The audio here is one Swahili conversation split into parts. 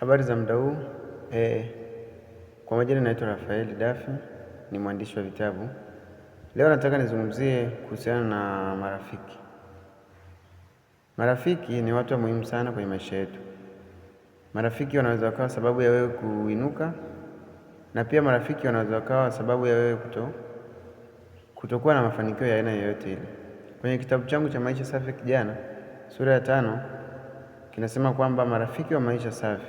Habari za muda huu e, eh, kwa majina naitwa rafaeli Dafi, ni mwandishi wa vitabu. Leo nataka nizungumzie kuhusiana na marafiki. Marafiki ni watu wa muhimu sana kwenye maisha yetu. Marafiki wanaweza wakawa sababu ya wewe kuinuka, na pia marafiki wanaweza wakawa sababu ya wewe kuto kutokuwa na mafanikio ya aina yoyote ile. Kwenye kitabu changu cha Maisha Safi ya Kijana, sura ya tano, kinasema kwamba marafiki wa maisha safi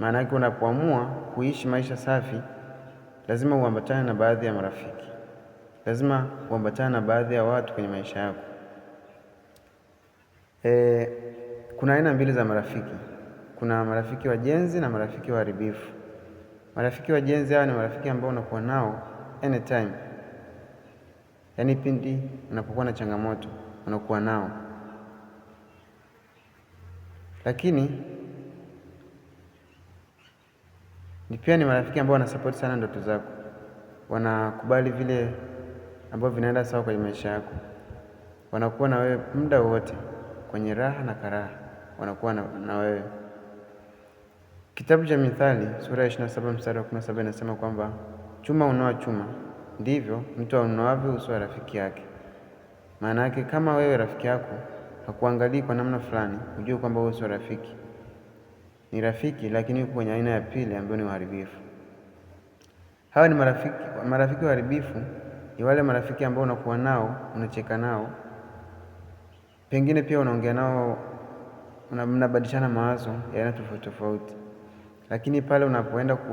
maana yake unapoamua kuishi maisha safi, lazima uambatane na baadhi ya marafiki, lazima uambatane na baadhi ya watu kwenye maisha yako. E, kuna aina mbili za marafiki. Kuna marafiki wajenzi na marafiki waharibifu. Marafiki wajenzi hawa ni marafiki ambao unakuwa nao anytime, yaani pindi unapokuwa na changamoto unakuwa nao, lakini Ni pia ni marafiki ambao wanasapoti sana ndoto zako, wanakubali vile ambavyo vinaenda sawa kwenye maisha yako, wanakuwa na wewe muda wote kwenye raha na karaha, wanakuwa na, na wewe. Kitabu cha Mithali sura ya 27 mstari wa 17 inasema kwamba chuma unoa chuma, ndivyo mtu aunoavyo uso wa rafiki yake. Maana yake kama wewe rafiki yako hakuangalii kwa namna fulani, ujue kwamba wewe sio rafiki ni rafiki lakini yuko kwenye aina ya pili ambayo ni waharibifu. Hawa ni marafiki, marafiki waharibifu ni wale marafiki ambao unakuwa nao, unacheka nao, pengine pia unaongea nao, mnabadilishana mawazo ya aina tofauti tofauti, lakini pale unapoenda ku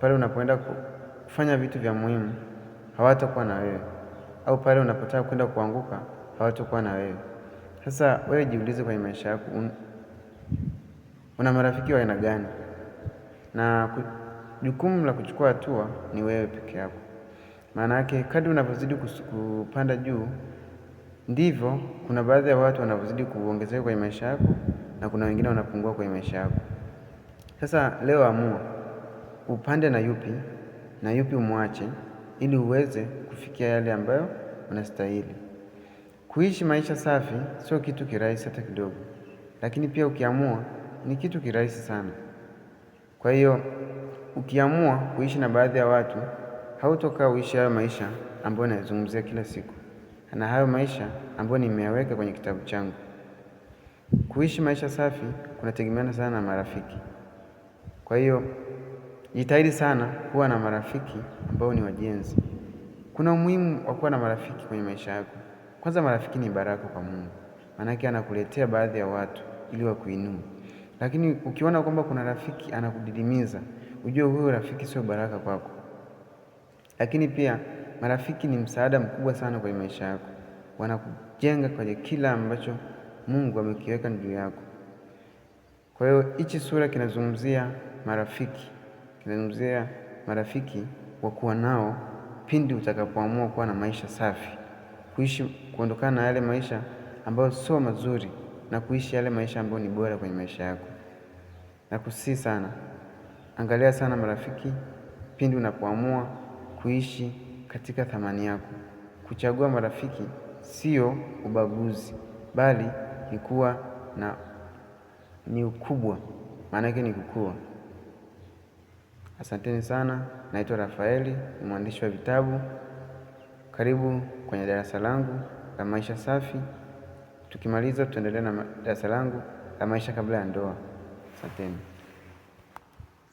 pale unapoenda kufanya vitu vya muhimu hawatakuwa na wewe, au pale unapotaka kwenda kuanguka hawatakuwa na wewe. Sasa wewe jiulize kwenye maisha yako. Una marafiki wa aina gani? Na jukumu la kuchukua hatua ni wewe peke yako. Maana yake kadri unavyozidi kupanda juu, ndivyo kuna baadhi ya watu wanavyozidi kuongezeka kwenye maisha yako, na kuna wengine wanapungua kwenye maisha yako. Sasa leo amua upande na yupi na yupi umwache, ili uweze kufikia yale ambayo unastahili. Kuishi maisha safi sio kitu kirahisi hata kidogo, lakini pia ukiamua ni kitu kirahisi sana. Kwa hiyo ukiamua kuishi na baadhi ya watu, hautoka uishi hayo maisha ambayo nayazungumzia kila siku, na hayo maisha ambayo nimeyaweka kwenye kitabu changu. Kuishi maisha safi kunategemeana sana na marafiki. Kwa hiyo jitahidi sana kuwa na marafiki ambao ni wajenzi. Kuna umuhimu wa kuwa na marafiki kwenye maisha yako. Kwanza, marafiki ni baraka kwa Mungu, maanake anakuletea baadhi ya watu ili wakuinue. Lakini ukiona kwamba kuna rafiki anakudidimiza, ujue huyo rafiki sio baraka kwako. Lakini pia marafiki ni msaada mkubwa sana kwenye maisha yako, wanakujenga kwenye kila ambacho Mungu amekiweka juu yako. Kwa hiyo hichi sura kinazungumzia marafiki, kinazungumzia marafiki wa kuwa nao pindi utakapoamua kuwa na maisha safi, kuishi, kuondokana na yale maisha ambayo sio mazuri na kuishi yale maisha ambayo ni bora kwenye maisha yako. Nakusihi sana, angalia sana marafiki, pindi unapoamua kuishi katika thamani yako. Kuchagua marafiki sio ubaguzi, bali ni kuwa na ni ukubwa, maana yake ni kukua. Asanteni sana. Naitwa Rafaeli, ni mwandishi wa vitabu. Karibu kwenye darasa langu la maisha safi. Tukimaliza tutaendelea na darasa langu la maisha kabla ya ndoa. sa atin.